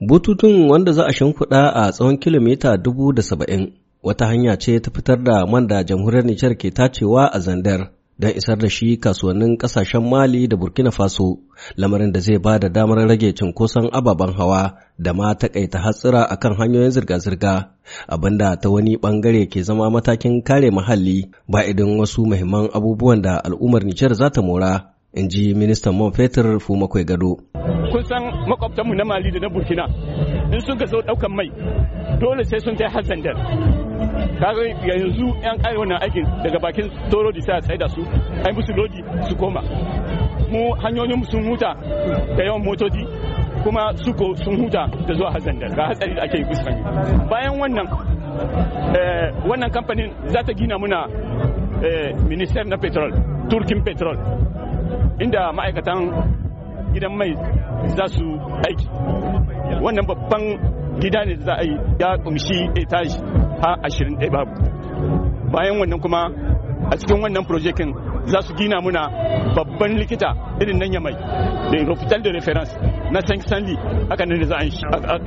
Bututun wanda za a shimfiɗa a tsawon kilomita dubu da saba'in wata hanya ce ta fitar da man da jamhuriyar Nijar ke tacewa a Zandar don isar da shi kasuwannin ƙasashen Mali da Burkina Faso, lamarin da zai ba da damar rage cunkoson ababen hawa da ma takaita hatsira a kan hanyoyin zirga-zirga, abinda ta wani ɓangare ke zama matakin kare muhalli ba idan wasu muhimman abubuwan da al'ummar Nijar za ta mora. in ji ministan man fetur Fumakwai Gado. Kun san makwabtanmu na Mali da na Burkina in sun ga zo ɗaukan mai dole sai sun ta Hassandar. Kaga yanzu 'yan ƙari wannan aikin daga bakin Toro da sai a da su, ai musu lodi su koma. Mu hanyoyin sun huta da yawan motoci kuma suko sun huta da zuwa da ga hatsari da ake yi kusan. Bayan wannan eh, wannan kamfanin za ta gina muna eh, minister na petrol turkin petrol inda ma'aikatan gidan mai za su aiki wannan babban gida ne za a yi ya kumshi etaji ha ashirin ɗaya babu bayan wannan kuma a cikin wannan projekin za su gina muna babban likita irin nan yamai da hospital da reference na san sanli haka ne za a yi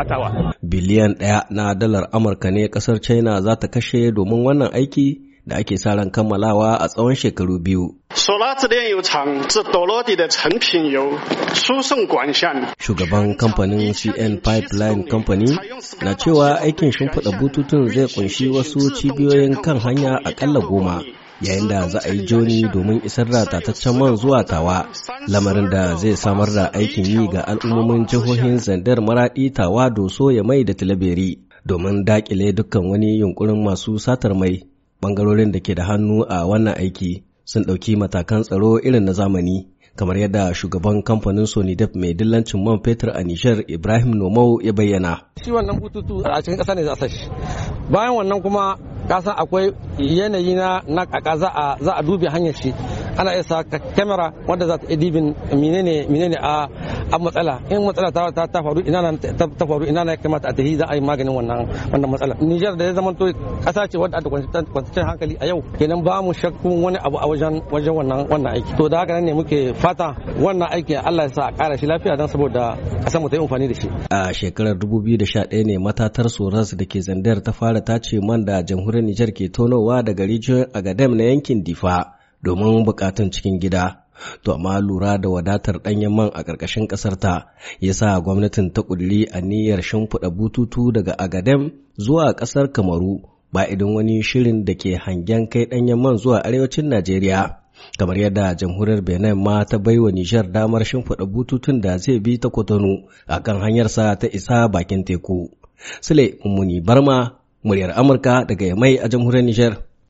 atawa biliyan daya na dalar amurka ne kasar china za ta kashe domin wannan aiki da ake sa ran kammalawa a tsawon shekaru biyu. Shugaban kamfanin CN Pipeline Company na cewa aikin shimfiɗa bututun zai kunshi wasu cibiyoyin kan hanya akalla goma. yayin da za a yi joni domin isar da tataccen man zuwa tawa lamarin da zai samar da aikin yi ga al'ummomin jihohin zandar maradi tawa doso ya mai da tilaberi domin dakile dukkan wani yunkurin masu satar mai Bangarorin da ke da hannu a wannan aiki sun ɗauki matakan tsaro irin na zamani kamar yadda shugaban kamfanin Sony def mai dillancin man fetur a nishar Ibrahim Nomau ya bayyana. Shi wannan bututu a cikin ƙasa ne za a shi. Bayan wannan kuma kasan akwai yanayi na na za a za a dubi hanyar shi ana iya sa kamera wanda za ta edibin menene menene a a matsala in matsala ta ta faru ina ta faru ina na kamata a tafi za a yi maganin wannan wannan matsala Niger da ya zama to kasa ce wadda da kwanciyar hankali a yau kenan ba mu shakkun wani abu a wajen wajen wannan wannan aiki to da haka nan ne muke fata wannan aiki Allah ya sa a kara shi lafiya dan saboda kasar mu ta yi amfani da shi a shekarar 2011 ne matatar Soras da ke Zandar ta fara tace man da jamhuriyar Niger ke tonowa daga rijiyoyin Agadem na yankin Difa domin bukatun cikin gida To amma lura da wadatar ɗanyen man a ƙarƙashin ƙasar ta ya sa gwamnatin ta ƙudiri niyyar shimfiɗa bututu daga Agadem zuwa ƙasar Kamaru ba idan wani shirin da ke hangen kai ɗanyen man zuwa arewacin Najeriya. kamar yadda jamhuriyar benin ma ta bai wa nijar damar shimfiɗa bututun da zai bi ta kotonu a kan hanyarsa ta isa bakin teku sule mummuni barma muryar amurka daga mai a jamhuriyar nijar